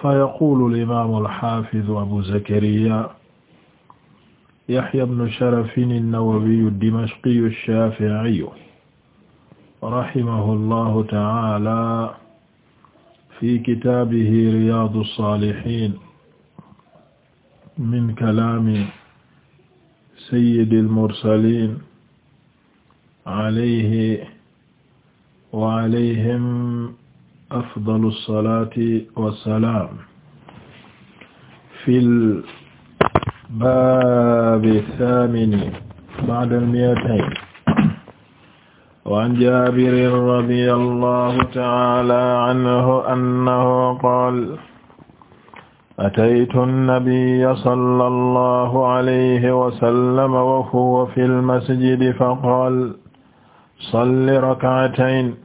fa yaqulu al-imaamu al-haafizu abu zakariyaa yahyaa ibnu sharafin an-nawawiyyu ad-dimashqiyyu ash-shaafi'iyyu rahimahu llahu ta'aalaa fi kitaabihi riyaadu as-saalihiin min kalaami sayyidi al-mursaliin alayhi wa alayhim afdalu salaati wa salaam fil baabi saamini ba'da al-mi'atayn wa 'an Jaabirin radiyallahu ta'aalaa 'anhu annahu qaala ataytu an-nabiyya sallallahu 'alayhi wa sallam wa huwa fil masjidi fa qaala salli rak'atayn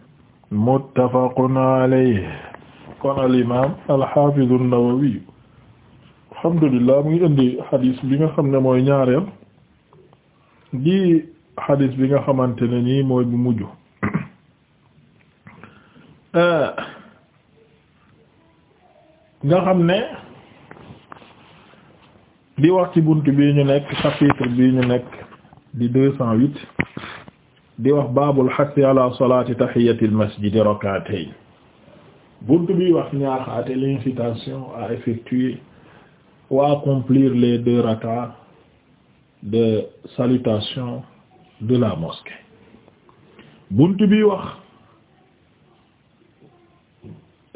muttafaqun alayhi kon al imam alhafidu an-Nawawi alhamdulillah mu ngi indi hadis bi nga xam ne mooy ñaareel di hadis bi nga xamante ne nii mooy bu mujj eh, nga xam ne di wax ci bunt bi ñu nekk chapitre bi ñu nekk di deux cent huit di wax baabul xassi ala salaati tahiyatil masjidi rak'atayn buntu bi wax ñaaxaate l'incitation à effectuer ou à accomplir les deux rak'ats de salutation de la mosquée buntu bi wax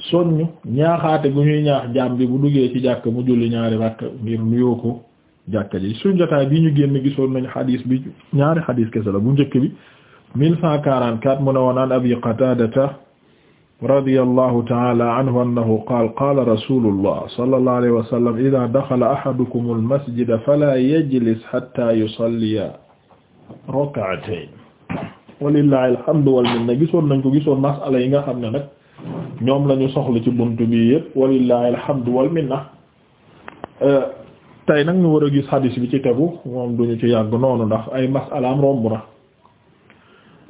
soññ ñaaxaate bu ñuy ñaax jaam bi bu duggee ci jàkk mu julli ñaari rakk ngir nuyoo ko jàkka ji su jotaay bi ñu génn gisoon nañu xadiis bi ñaari xadiis kese la bu njëkk bi 1144 mu ne woon an abi qataadata radiyallahu ta'ala anhu annahu qaala qaala rasuulullah sallallahu alayhi wa sallam idaa daxala ahadukum al-masjida falaa yajlis hattaa yusalliya rak'atayn walillahi alhamdu wal minna gisoon nañ ko gisoon masala yi nga xam ne nag ñoom la ñu soxla ci buntu bi yëpp walillahi alhamdu wal minna tey nag ñu war a gis hadis bi ci tegu moom duñu ci yàgg noonu ndax ay masalaam romb na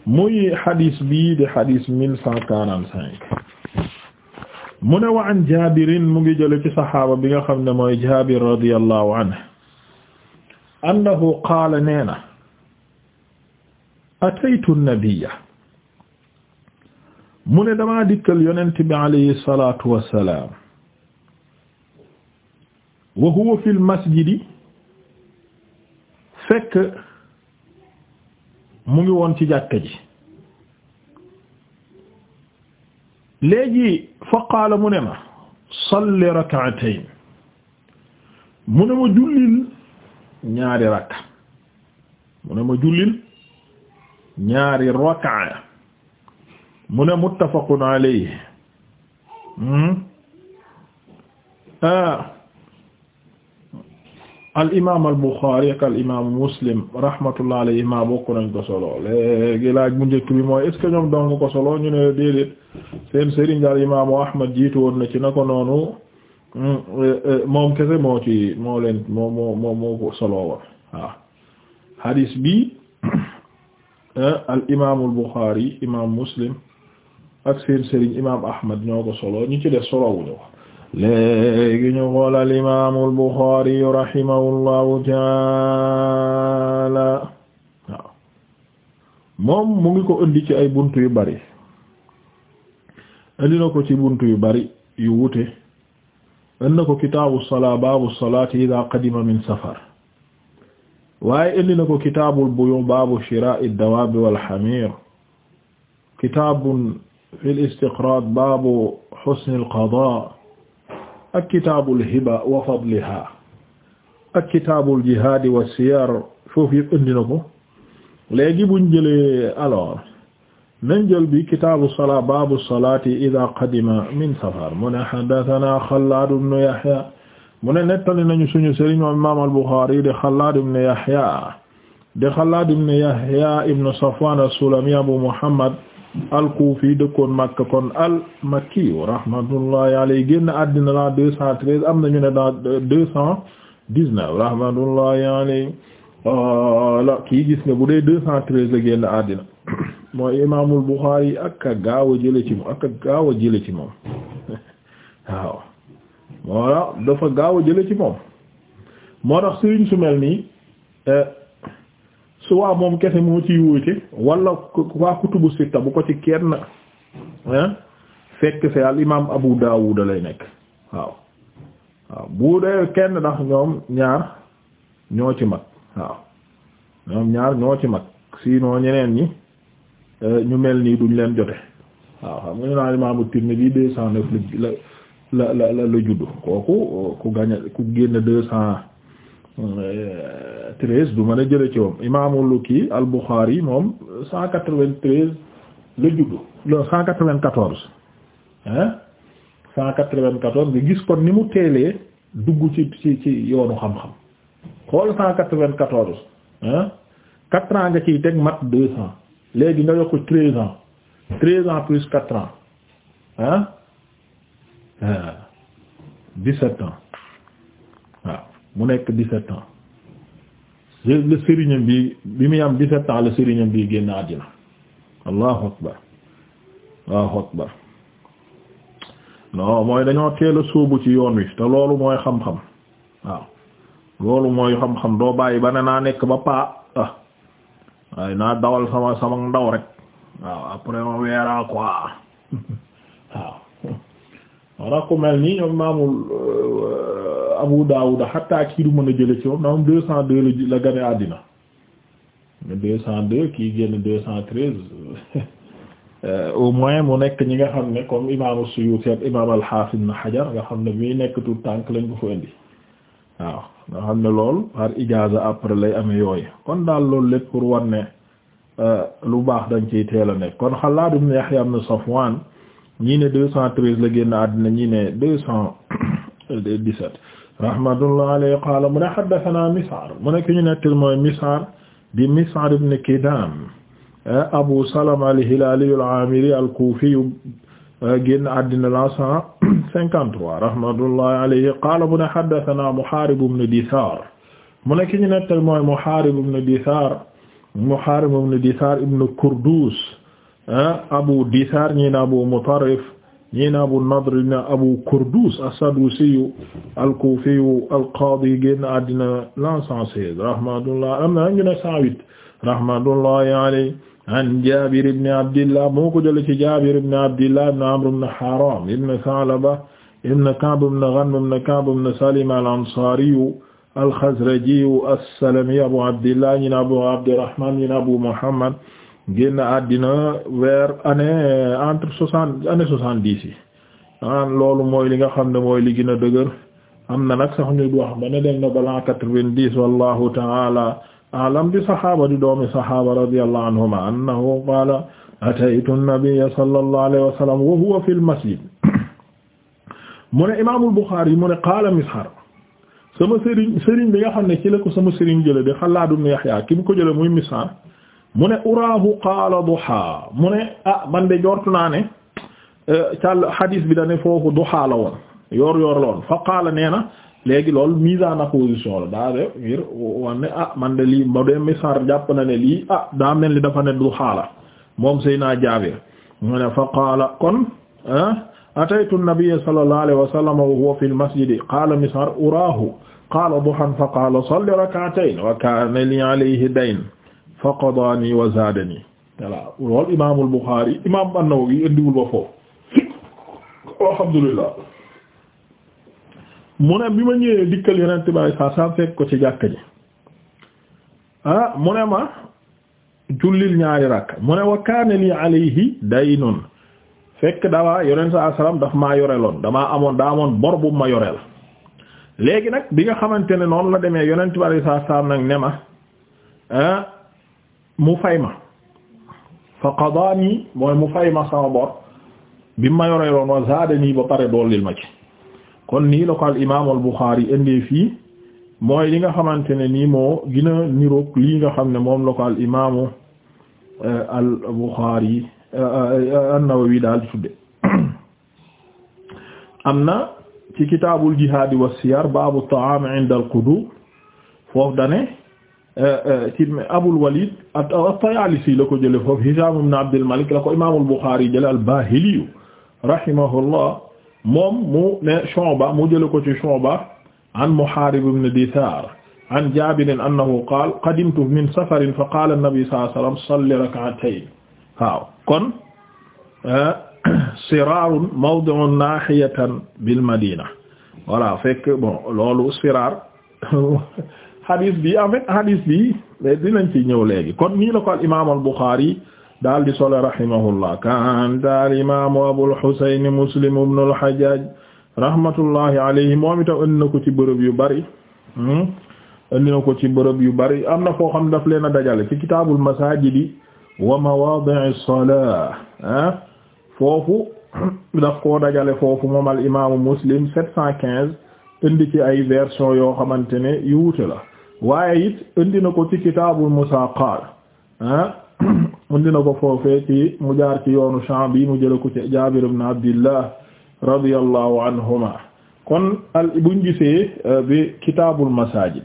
muy xadis bi di xadis mille cent quarante cinq ne wa an jaabirin mu ngi jële saxaaba bi nga xam ne mooy jaabir radiyallahu anhu annahu qaala nee na ataytu nabiyya mu ne damaa dikkal yonent bi alayhi salatu wassalaam wa huwa fil masjidi fekk mu ngi woon ci jàkka ji léegi fa qaala mu ne ma salli rak'atayn mu ne ma jullil ñaari rakka mu ne ma jullil ñaari rak'a mu ne muttafaqun alayhi hmm? ah al imaam al Buxaari ak al imaam Muslim rahmatullah alayhima bokk nañ ko solo léegi laaj bu njëkk bi mooy est ce ñoom dong ko solo ñu ne déedéet seen sëriñ al imaamu Ahmad jiitu woon na ci na ko noonu mm, eh, eh, moom kese moo ci moo leen moo moo ko solo woon waaw hadis bi eh, al imaamul Buxaari imaam Muslim ak seen sëriñ imaam Ahmad ñoo ko solo ñu ci def solowuñu ko léegi ñu xool al imaamu al Buxaari rahimahullahu taala waaw moom mu ngi ko ci ay buntu yu bari indina ko ci buntu yu bari yu wute indi na ko kitaabu salaa baabu salaati idaa qadima min safar waaye indi na ko kitaabul buyu baabu shiraa'i dawaabi wal xamiir kitaabun fil istiqraad baabu xusnil qadaa ak kitaabul hiba wa fadliha ak kitaabul jihaadi wa siyar foofu yëpp indi na ko léegi buñ jëlee alors nañ jël bi kitaabu salaa baabu salaati idaa qadima min safar mu ne haddasanaa Xallaad ibnu Yahya mu ne nettali nañu suñu sëriñ moom imaam al-Buxaari de Xallaad ibnu Yahya de Xallaad ibnu Yahya ibnu Safwaan as-Sulami Abu Muhammad al-Kufi dëkkoon Makka kon al-Makki rahmatullahi yi génn àddina la 213 am na ñu ne la 219 rahmatullahi alayhi la kii gis nga bu dee 213 la génn àddina mooy imaamul Bukhari ak a gaaw a jële ci moom ak a gaaw a jële ci moom waaw voilà dafa gaaw a jële ci moom moo tax su mel nii eh, su waa moom kese moo ciy wóote wala waa kutubu sitta bu ko ci kenn fekk fa al imaam Abu Daawud lay nekk waaw waaw bu kenn ndax ñoom ñaar ñoo ci mag waaw ñoom ñaar ñoo ci mag sinon ñeneen ñi euh, ñu mel nii duñ leen jote waaw xam nga ñu naan imaamu Tirmidhi deux cent neuf la la la la juddu kooku ku gañe ku génn deux cent euh, treize du mën a jële ci moom imaamul kii al Bukhari moom cent quatre vingt treize la juddu lo cent quatre vingt quatorze hein cent quatre vingt quatorze nga gis kon ni mu teelee dugg ci ci ci yoonu xam-xam xool cent teg mat deux cents léegi nga yokk treize ans treize ans plus quatre ans hein euh, dix-sept ans waaw mu nekk dix-sept ans le sëriñam bi bi muy am dix-sept ans sëriñam bi génn àddina allahu akbar allahu akbar non mooy dañoo teel a sóobu ci yoon wi te loolu mooy xam-xam waaw loolu mooy xam-xam doo bàyyi ba ne naa nekk ba paa ah. waaye naa dawal sama sama ndaw rek waaw après on verra waaw wara mel nii ñoom maamul euh, Abu Dawud hatta kii du mën a jële ci moom na moom deux cent deux la gane àddina deux cent deux kii génn deux cent treize euh, au moins mu nekk ñi nga xam ne comme imaamu Suyuti ak imaam al-Hafiz Ibn Hajar nga xam ne muy nekk tout tànk lañ ko fa indi waaw nga xam ne lool par ijaaza après lay amee yooyu kon daal loolu lépp pour wan ne euh, lu baax dañ ci teel a nekk kon xalaa neex ibn Yahya ibn Safwan ñii ne deux cent treize la génn àddina ñii ne deux cent dix-sept rahmatullah alayhi qaala mu ne haddathana Mis'ar mu ne ki ñu nettal mooy Mis'ar di Mis'ar ibn Kidam Abu Salama al-Hilali al-Amiri al-Kufi génn àddina la cent cinquante-trois rahmatullah alayhi qaala mu ne haddathana Muharib ibn Dithar mu ne ki ñu nettal mooy Muharib ibn Dithar Muharib ibn Dithar ibn Kurdus Abu Dithar ñi na Abu Mutarrif ñii na Abu Nadr na Abu Kurdus as-Sadusi al-Kufi al-Qadi génn àddina l'an 116 rahmatullah am na ñu ne 108 rahmatullahi alayhi an Jabir ibn Abdillah moo ko jëlee ci Jabir ibn Abdillah ibn Amr ibn Haram ibn Salaba ibn Ka'b ibn Ghanm ibn Ka'b ibn Salima al-Ansari al-Khazraji as-Salami Abu Abdillah ñi na Abu Abdirrahman ñi na Abu Muhammad génn àddina vers année entre soixante année soixante dix yi ah loolu mooy li nga xam ne mooy li gën a dëgër am na nag sax ñu wax ba ne dem na balaa quatre-vingt-dix wallahu ta'ala a'lam bi saxaaba di doomi saxaaba radiyallahu anhuma annahu qaala ataytu an-nabiyya sallallahu alayhi wa sallam wa huwa fil masjid mu ne imaamul Buxaari yi mu ne qaala Mishar sama sëriñ sëriñ bi nga xam ne ci la ko sama sëriñ jële de Xallaad ibn Yaxya ki mu ko jële muy Mishar mu ne uraahu qaala duha mu ne ah man de jortu naa ne eh, càll hadis bi da ne foofu duha la woon yoor yoor la woon fa qaala nee na léegi loolu mise en position la ne ah, man de lii ma dee misaar jàpp na ne lii ah daa mel ni dafa ne duha la moom Seydina Jaabir mu ne fa qaala kon ah, ataytu an-nabiyya sallallahu alayhi wa sallam wa huwa fi al-masjid qaala misaar uraahu qaala duhan fa salli rak'atayn wa kaana li alayhi dayn faqadaani wa zaadani voilà loolu imaamul Buxaari imaam an-Nawawi indiwul ba foofu alhamdulillah mu ne bi ma ñëwee dikkal yonent bi saa saa fekk ko ci jàkka ji ah, mu ne ma jullil ñaari rakk mu ne wa kaana li alayhi daynun fekk dawaa yonent saa salaam daf maa yoreloon damaa amoon daa amoon bor ma yoreel léegi nag bi nga xamante ne noonu la demee yonent bi saa saa nag ne ma ah, mu fay ma fa qadaani mooy mu fay ma sama bor bi ma yoree loon wa zaadani ba pare dollil ma ci kon nii la ko al imaam al fii mooy li nga xamante ne nii moo gën a niroog lii nga xam ne moom la ko al imaamu eh, al Buxaari eh, eh, an-Nawawi tudde am na ci kitaabul jihaadi wa siyar baabu at-ta'aam 'inda al Euh, euh, ci Abul Walid at-Tayaalisi la ko jëlee foofu Hisaam ibn Abdul Malik la ko imaamul Buxaari jëlee al-Baahili rahimahullah moom mu ne Shu'ba mu jëlee ko ci Shu'ba an Muhaarib ibn Disaar an Jaabir annahu qaala qadimtu min safarin fa qaala an-nabi sallallahu alayhi wa sallam salli rak'atayn waaw kon euh, siraarun mawdi'un naahiyatan bil Madina voilà fekk bon loolu siraar hadith bi en fait hadith bi dinañ ci ñëw léegi kon nii la ko al imaam al Bukhari daal di solo rahimahullah kanta al imaam Abul Husayn Muslim ibn al Hajjaj rahmatullahi alayhi moom itam indi ko ci bërëb yu bari hmm? indi na ko ci bërëb yu bari am na ko xam daf leen a dajale ci kitaabul masaajidi wa mawaadi'i salaah ah? foofu daf koo dajale foofu moom al imaamu Muslim indi ci ay version yoo xamante ne yu wuute la waaye it indi na ko ci kitaabul musaaqaat ah indi na ko foofee ci mu jaar ci yoonu Sha'bi mu jële ko ci Jaabir ibn Abdillah radiyallahu anhuma kon buñ gisee euh, bi kitaabul masaajid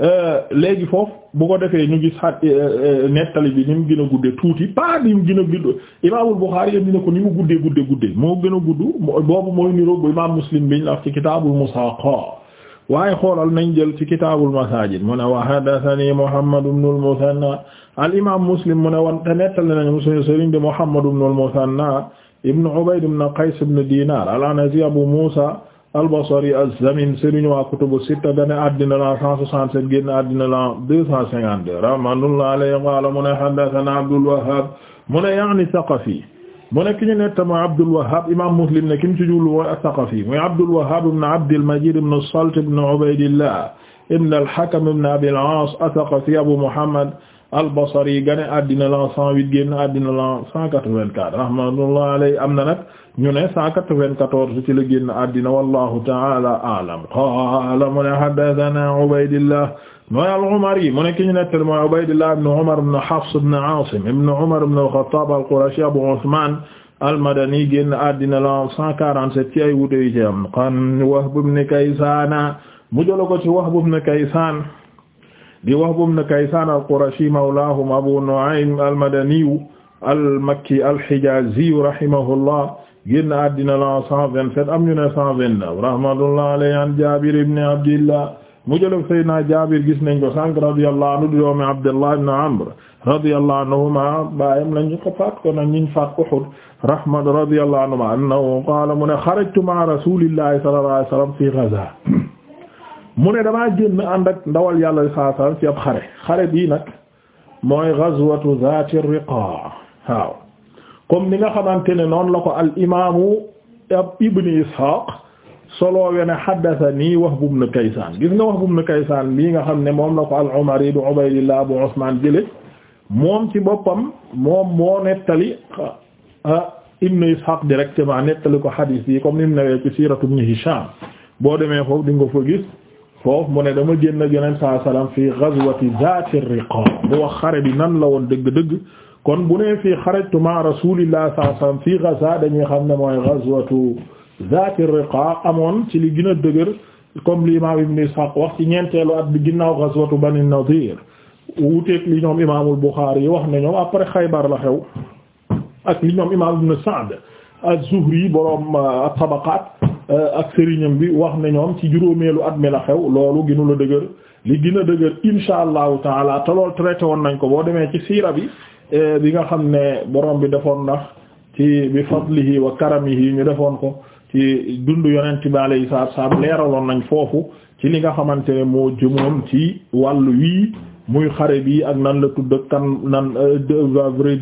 euh, léegi foofu bu ko defee ñu gis xat euh, nettali bi ni mu gën a gudde tuuti pas ni mu gën a gudd imaamul Buxaari indi na ko ni mu guddee gudde gudde moo gën a gudd boobu mooy niroog bu imaam Muslim biñ la wax ci kitaabul musaaqaat waaye xoolal nañ jël ci kitaabul masaajid mu ne wa haddathanii Muhammad ibn al-Muthanna al-imaam Muslim mu ne wan te nettali nañ Muslim sëriñ de Muhammad ibn al-Muthanna ibn Ubayd ibn Qays ibn Dinar al-Anazi Abu Musa al-Basri az-Zamin sëriñ wa kutubu sitta gane addina la 167 génn addina la 252 rahmatullahi alayhi qaala mu ne haddathana Abdul Wahhab mu ne ya'ni Thaqafi mu ne ki ñu ne tama Abdul Wahhab imaam Muslim ne ki mu ci jublu mooy As-Saqafi mooy Abdul Wahhab ibn Abdil Majid ibn Salt ibn Ubaydillah ibn al-Hakam ibn Abil As As-Saqafi Abu Muhammad al-Basri gane addina la 108 génn addina la 184 rahmatullahi alayhi am na nag ñu ne 194 ci la génn addina wallahu ta'ala a'lam qala mu ne haddathana Ubaydillah mooy al-Umari mu nekk ñu nettali mooy Ubaydillah ibn Umar ibn Hafs ibn Asim ibn Umar ibn al-Khattab al-Qurashi Abu Usman al-Madani génn àddina la 147 ci ay wuute yu ci am qan Wahb ibn Kaysan mu jël ko ci Wahb ibn Kaysan di Wahb ibn Kaysan al-Qurashi mawlahum Abu Nu'aym al-Madani al-Makki al-Hijazi rahimahullah génn àddina la 127 am ñu ne 129 rahmatullahi alayhi an Jabir ibn Abdillah mu jël Seydina Jaabir gis nañ ko sànq radiyallahu anhu doomi Abdullah ibn Amr radiyallahu anhuma baayam lañ ko faat ko nag ñu faat ko Uhud rahmat radiyallahu anhuma annahu qaala mu ne xarajtu ma'a rasulillahi sallallahu alayhi wasallam fi ghaza mu ne damaa génn ànd ak ndawal yàlla sallallahu alayhi wasallam ci ab xare xare bii nag mooy ghazwatu zaati riqaa waaw comme ni nga xamante ne noonu la ko al imaamu Ibn Ishaq solo soloowe ne haddathanii Wahb ibn Kaysaan gis nga Wahb ibn Kaysaan bii nga xam ne moom la ko al-Umari du Ubaydillah Abu Usmaan jële moom ci boppam moom moo nettali ah, ah, Ibn Ishaq directement nettali ko hadis yi comme ni mu newee ci siiratu Ibn Hishaam boo demee foofu di nga fa gis foofu mu ne dama génn ak Yonent saa salaam fii ghazwati wax xare bi nan la woon dëgg-dëgg kon bu nee fii xarajtu ma Rasuulillah saa salaam fii xam ne mooy ghazwatu zaati riqa amoon ci li gën a dëgër comme li imaam Ibn Ishaq wax ci ñeenteelu at bi ginnaaw ghazwatu Bani Nadir wuuteeg li ñoom imaamul Bukhari yi wax na ñoom après Xaybar la xew ak li ñoom imaam Ibn Sa'd az-Zuhri boroom euh, at-Tabaqaat euh, ak sëriñam bi wax na ñoom ci juróomeelu at mi la xew loolu gënu la dëgër li gën a dëgër insha allahu taala te loolu traité woon nañ ko boo demee ci siira bi euh, bi nga xam ne borom bi defoon na ci bi fadlihi wa karamihi ñu defoon ko ci dundu yonent bi alayhi salaatu wasallam leeraloon nañ foofu ci li nga xamante ne moo jëmoon ci wàllu yii muy xare bi ak nan la tudd kan nan euh, à vrai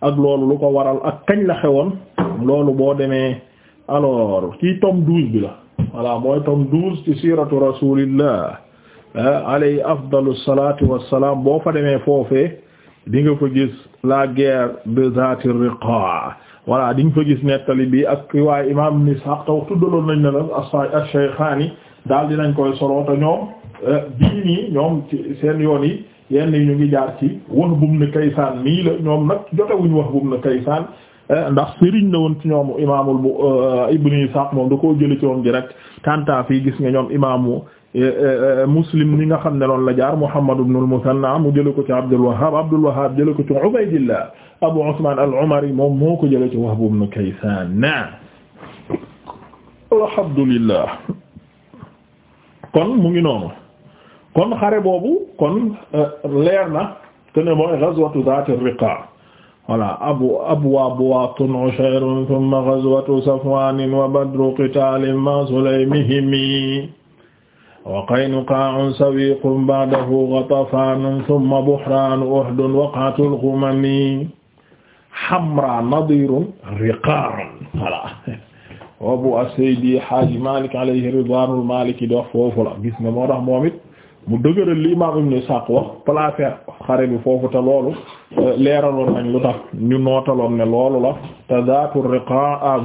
ak loolu lu ko waral ak kañ la xewoon loolu boo demee alors ci tome douze bi la voilà mooy tom douze ci siiratu rasulillah euh, alayhi afdalu salatu wassalam boo fa demee foofee di nga fa gis la guerre de zât ir voilà di nga fa gis nettali bi ak riwaay imaam ibn Ishaq taw tuddaloon nañ ne la as-Shaykhaani daal dinañ koy solo te ñoom euh, bii ñoom seen yoon yi yenn ñu ngi jaar ci Wahb ibn Kaysaan mii la ñoom nag jotewuñ Wahb ibn Kaysaan euh, ndax sëriñ na woon ci ñoom imaamul bu euh, ibn Ishaq moom da koo jëli ci moom rek kanta fii gis nga ñoom imaamu Muslim ni nga xam ne loolu la jaar Muhammad ibn al-Muthanna mu jële ko ci Abdul Wahhab Abdul Wahhab jële ko ci Ubaydillah Abu Usman al-Umari moom moo ko jëlee ci Wahb ibn Kaysan na alhamdulillah kon mu ngi noonu kon xare boobu kon euh, leer na te ne mooy ghazwatu Dhat ar-Riqa voilà abu abwaabu Buwaatun Ushayrun thumma ghazwatu Safwaanin wa badru qitaalin ma'a Sulaymihimi wa Qaynuqaa'un sawiiqun ba'dahu Ghatafaanun thumma Buhraanu Uhdun waqa'atul Ghumami hamra nadirun riqarun voilà boobu as-Seydi Haaji Malik alayhi ridwanul maliki di wax foofu la gis nga moo mu dëgëral li imaam Ibn Isaaq wax placé xare bi foofu te loolu euh, leeraloon nañ lu tax ñu nootaloon ne loolu la te zaatu riqa à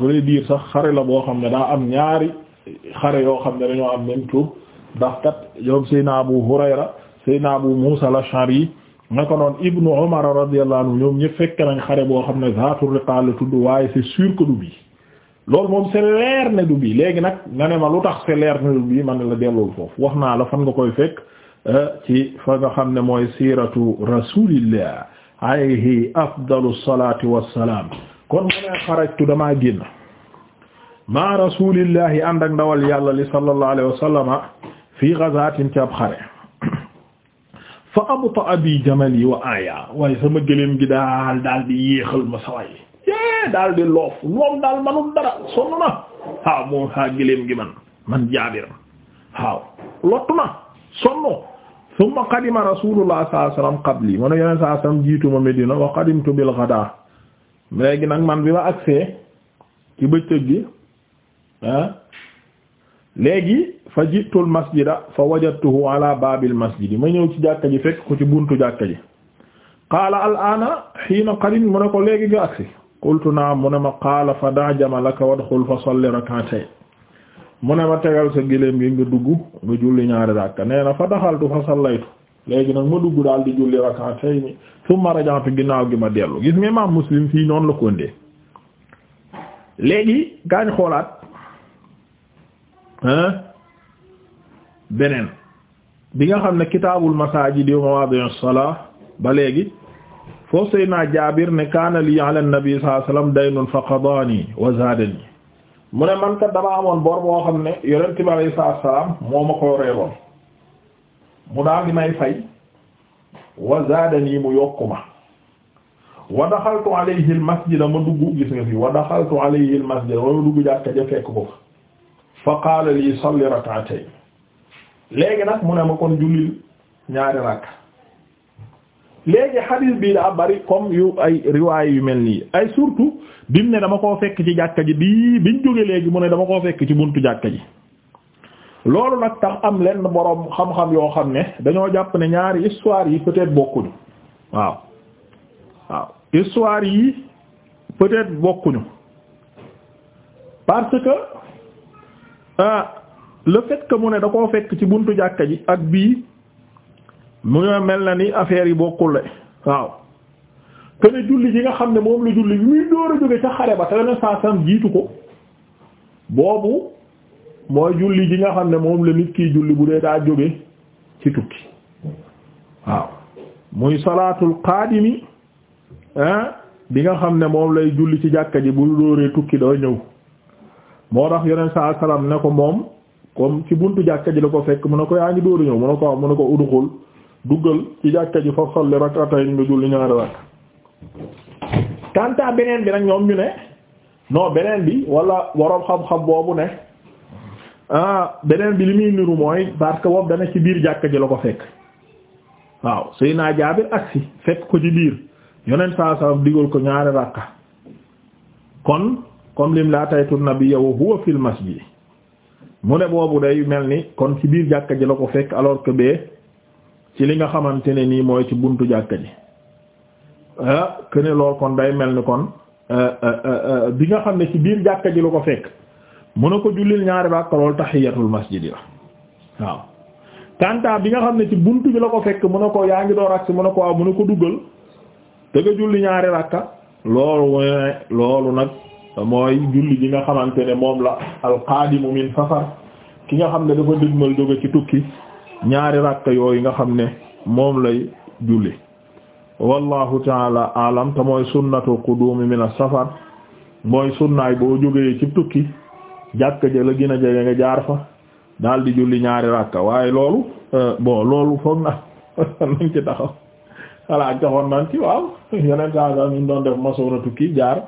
sax xare la boo xam ne daa am ñaari xare yoo xam ne dañoo am même tuub ndax kat yow Seydina Abu Hurayra Seydina Abu Muusa al-Ash'ari ko noon ibnu umar radiyallahu anhu ñoom fekk nañ xare boo xam ne zaatu riqa la tudd waaye c'est sûr que du bii loolu moom c'est leer ne du bii léegi nag nga ne ma lu tax c'est leer ne du bii man la dellool foofu wax naa la fan nga koy fekk euh, ci fa nga xam ne mooy siiratu rasulillah alayhi afdalu salati wassalam kon mu ne xarajtu damaa génn ma rasulillahi ànd ak ndawal yàlla li sallallahu alayhi wa sallama fii xare fa abuta abi jamali wa aya waaye sama gëléem gi daal daal di yéexal ma saway yée eh, daal di loof loom daal manul dara sonn na waaw moom saa gëléem gi man man jaabir waaw lottu na sonno summa qadima rasulullah sallallahu alayhi wasallam qabli ma ne yeneen saa sallam jiituma Medina wa qadimtu bil ghada léegi nag man bi ma agsee ci bëccëg gi ah léegi fa jiitul masjida fa wajadtuhu ala baabil masjidi ma ñëw ci jàkka ji fekk ko ci buntu jàkka ji qaala al ana hiina qadim mu ne ko léegi nga agsi qultu naam mu ne ma xaala fa daa jamalaka wadxul fa salli rak'atayn mu ne ma tegal sa giléem gi nga dugg nga julli ñaari rakka nee na fa daxaltu fa sallaytu léegi nag ma dugg daal di julli rak'atayn ni summa raja'tu ginnaaw gi ma dellu gis nga imaam muslim fii noonu la ko indee léegi gaañ xoolaat beneen bi nga xam ne kitaabul masaajid wa mawaadi'u salaa ba léegi foofu Seydina Jaabir ne kaana lii ala nabi sallallahu alayhi wasallam wa zaadani mu ne man kat dama amoon bor boo xam ne yonent bi alayhi salaam moo ma ko reeroon mu daal di may fay wa zaadani mu yokku ma wa daxaltu alayhi masjida ma dugg gis nga fi wa daxaltu alayhi al masjida ma dugg jàkka ja fekk ko fa qaala lii salli rak'atayn léegi nag mu ne ma kon jullil ñaari rakk léegi hadis bi daa bari comme yu ay riwaay yu mel nii ay surtout bim ne dama koo fekk ci jàkka ji bii biñ jóge léegi mu ne dama koo fekk ci buntu jàkka ji loolu nag tax am lenn boroom xam-xam yoo xam ne dañoo jàpp ne ñaari histoire yi peut-être bokkuñu waaw waaw histoire yi peut-être bokkuñu parce Ah, le fait que mu ne da koo fekk ci buntu jàkka ji ak bii mu ñoo mel na ni affaire yi bokkule waaw te ne julli nga xam ne moom la julli bi muy a jóge ca xare ba te ne jiitu ko boobu mooy julli ji nga xam ne moom la nit kiy julli bu dee daa jóge ci tukki waaw muy salaatul qaadimi ah, bi nga xam ne moom lay julli ci jàkka ji bu dóoree tukki doo ñëw moo tax yeneen saa salaam ne ko moom comme ci buntu jàkka ji la ko fekk mu ne ko yaa ngi dóoru ñëw mu ne ko mu ne ko uduxul duggal ci jàkka ji fa salli rak'atayn nga julli ñaari rakk kanta beneen bi nag ñoom ñu ne non beneen bi walla waroom xam-xam boobu ne ah beneen bi li muy niru mooy parce que woom dana ci biir jàkka ji la ko fekk waaw sëy naa jaabir agsi fekk ko ci biir yonent saa salaam digal ko ñaari rakka kon comme lim la ataytu nabiyya wa huwa fil masjid mu ne boobu day mel ni kon ci biir jàkka ji la ko fekk alors que ci li nga xamante ne nii mooy ci buntu jàkka ji ah day mel ni kon euh, euh, euh, bi nga xam ne ci biir jàkka ji la ko fekk mu ne ko jullil ñaari bàkk lool tahiyatul masjid yi la waaw kanta bi nga xam ne ci buntu bi la ko fekk mu ne ko yaa ngi door ak si mu ne ko waaw mu ne ko duggal te nga julli ñaari rakka loolu loolu nag. mooy julli ji nga xamante ne moom la alqaadimu min safar ki nga xam ne dafa dëgmal jóge ci tukki ñaari rakka yooyu nga xam ne moom lay julli wallahu taala alam te mooy sunnatu qudumi min as-safar mooy sunnaay boo jógee ci tukki jàkk ja la gën a jege nga jaar fa daal di julli ñaari rakka waaye loolu euh, bon loolu foog na nañ ci taxaw voilà joxoon nañ ci waaw yeneen saa saa ñu doon def masoona tukki jaar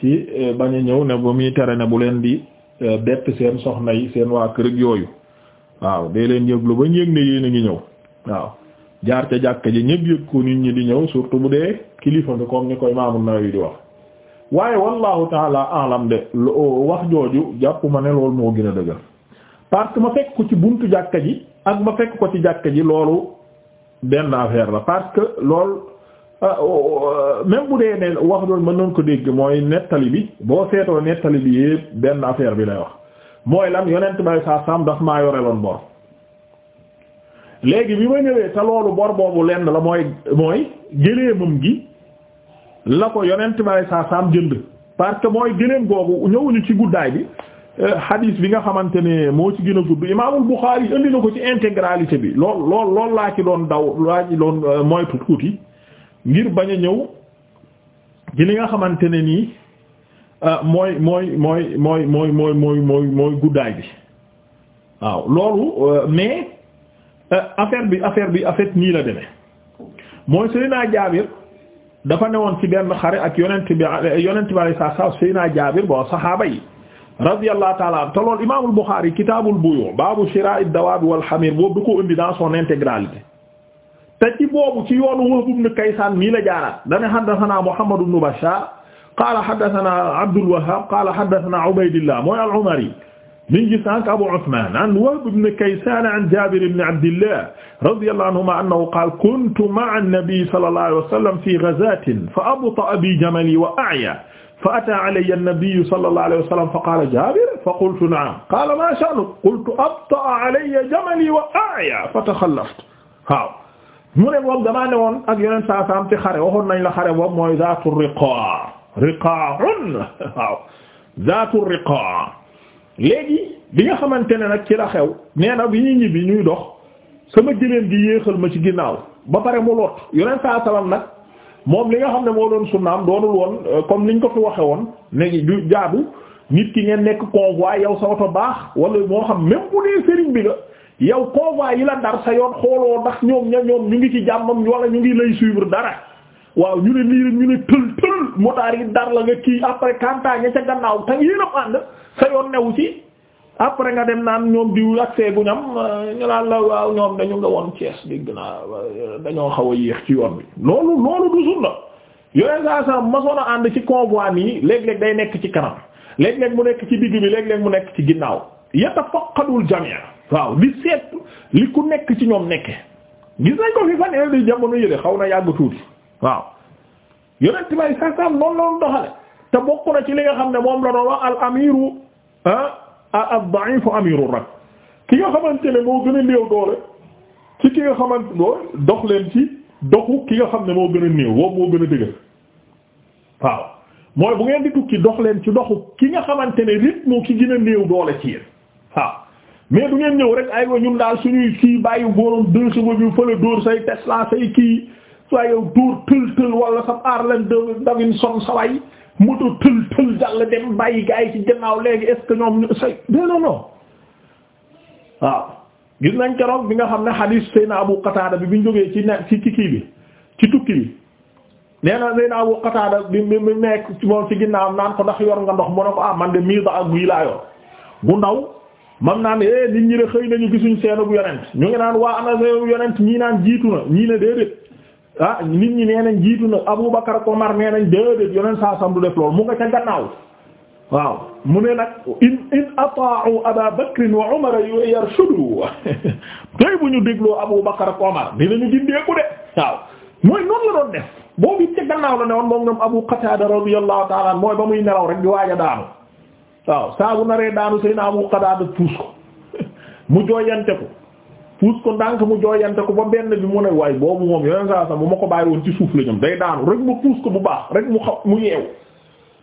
ci euh, bañ a ñëw ne ba muy tere ne bu leen di euh, bett seen soxna yi seen waa kër ak yooyu waaw dee leen yëglu ba ñëg ne yéen a ngi ñëw waaw jaar ca jàkka ji ñëpp yëg ko nit ñi di ñëw surtout bu dee kilifa nga comme ni koy Maamu Nawawi di wax waaye wallahu taala alam de wax jooju jàpp ma ne loolu moo gën a dëgër parce que ma fekk ko ci buntu jàkka ji ak ma fekk ko ci jàkka ji loolu benn affaire la parce que loolu Euh, euh, même bu dee ne wax doon mën nañ ko dégg mooy nettali bi boo seetoo nettali bi yëpp benn affaire bi lay wax mooy lan yonent bay saa sam daf maa yoreloon bor léegi bi ma ñëwee te loolu bor boobu lenn la mooy mooy gëléemam gi la ko yonent bay saa sam jënd parce que mooy gëléem googu ñëwuñu ci guddaay bi euh, hadis bi nga xamante ne moo ci gën a gudd imaamul Buxaari indi na ko ci intégralité bi lool lool laa ci doon daw laa ci doon moytu tuuti ngir bañ a ñëw ci li nga xamante ne nii ah, mooy mooy mooy mooy mooy mooy mooy mooy mooy guddaay bi waaw loolu euh, mais euh, affaire bi affaire bi affaire nii la demee mooy Seydina Jaabir dafa newoon ci benn xare ak yonent bi euh, yonent bi alayhi salaatu wa salaam Seydina Jaabir bon saxaaba yi radiyallahu ta'ala anhu te loolu Imaamul Buxaari kitaabul buyu baabu shiraa'i dawaabi wal hamiir boobu du ko indi dans son intégralité te ci boobu ci yoonu Wahb ibn Kaysaan mii la jaaraat dana haddasanaa Muhammad ibn Bashaar qaala haddasanaa Abdul Wahhaab qaala haddasanaa Ubaydillah mooy al-Umari min gis ank Abu Usmaan an Wahb ibn Kaysaan an Jaabir ibn Abdillah radiyallahu anhumaa annahu qaala kuntu ma'a an-nabii sallallahu alayhi wa sallam fii ghazaatin fa abta'a bii jamalii wa a'yaa fa ataa alayya an-nabiyyu sallallahu alayhi wa sallam fa qaala Jaabir fa qultu na'am qaala maa sha'nuk qultu abta'a alayya jamalii wa a'yaa fa takhallaftu waaw mu ne moom damaa ne woon ak yeneen saa saam ci xare waxoon nañ la xare boobu mooy zaatu riqaa riqaa'un waaw zaatu riqaa léegi bi nga xamante ne nag ci la xew nee na bi ñuy ñibbi ñuy dox sama jëleen gi yéexal ma ci ginnaaw ba pare mu lot yeneen saa salaam nag moom li nga xam ne moo doon sunnaam doonul woon euh, comme niñ ko fi waxe woon léegi du jaadu nit ki ngeen nekk convoi yow sa oto baax wala moo xam même bu dee sëriñ bi la. yow convoi yi la ndar sa yoon xooloo ndax ñoom ña ñoom ñu ngi ci jàmmam wala ñu ngi lay suivre dara waaw ñu ne lii ñu ne tël tël motaar yi dar la nga kii après kanta ña ca gannaaw tang yéen a ànd sa yoon new ci après nga dem naan ñoom diw ak seegu ñam ñu laa la waaw ñoom dañu nga woon Thiès dégg naa dañoo xaw a yéex ci yoon bi loolu loolu du sunna yooyu saa saa masoon a ànd ci convoi yi léeg-léeg day nekk ci kanam léeg-léeg mu nekk ci digg bi léeg-léeg mu nekk ci ginnaaw yatafaqadul jami' waaw di seet li ku nekk ci ñoom nekke gis nañ ko fi fan yéen di jamono yële xaw na yàgg tuuti waaw yonent may sa sam noonu doxale te bokk na ci li nga xam ne moom la doon wax al amiru ah ad-da'ifu amiru rak ki nga xamante ne moo gën a néew doole ci ki nga xamante loolu leen ci doxu ki nga xam ne moo gën a néew boobu moo gën a dëgër waaw mooy bu ngeen di tukki dox leen ci doxu ki nga xamante ne rythme ki gën a néew doole ci yéen mais du ngeen ñëw rek ay wa ñun daal suñuy kii bàyyi boroom deux chevaux bi fële dóor say Tesla say kii saa yow dóor tël tël wala sa Harley Davidson saway moto tël tël jàll dem bàyyi gaa ay ci ginnaaw léegi est ce que ñoom ñu say non non waaw gis nañ keroog bi nga xam ne hadith naa Abu Qatada bi biñ jógee ci ci kii bi ci tukki bi nee na naa Abu Qatada bi bi nekk moom ci ginnaaw naan ko ndax yor nga ndox mu ne ko ah man de mise ak agri laa bu ndaw. mam naan eh nit ñi de xëy nañu gisuñ seen bu yonent ñu ngi naan waa am seen bu yonent ñii naan jiitu na ñii ne déedéet ah nit ñi nee jiitu na Abubakar ak Omar nee nañ déedéet yonent saa sam def lool mu nga ca gannaaw waaw mu ne nag in in ata'u Aba Bakr wa Umar yarshudu tey bu ñu dégloo Abubakar ak Omar dinañu gindeeku de waaw mooy noonu la doon def boobu it ca gannaaw la ne woon moom ñoom Abu Qatada radiyallahu ta'ala mooy ba muy nelaw rek a waaw saa bu naree daanu sëy na Abu Qadaada puus ko mu jooyante ko puus ko ndànk mu jooyante ko ba benn bi mu ne waay boobu moom yeneen saa sax bu ma ko bàyyi woon ci suuf la day daanu rek mu puus ko bu baax rek mu xaw mu yeewu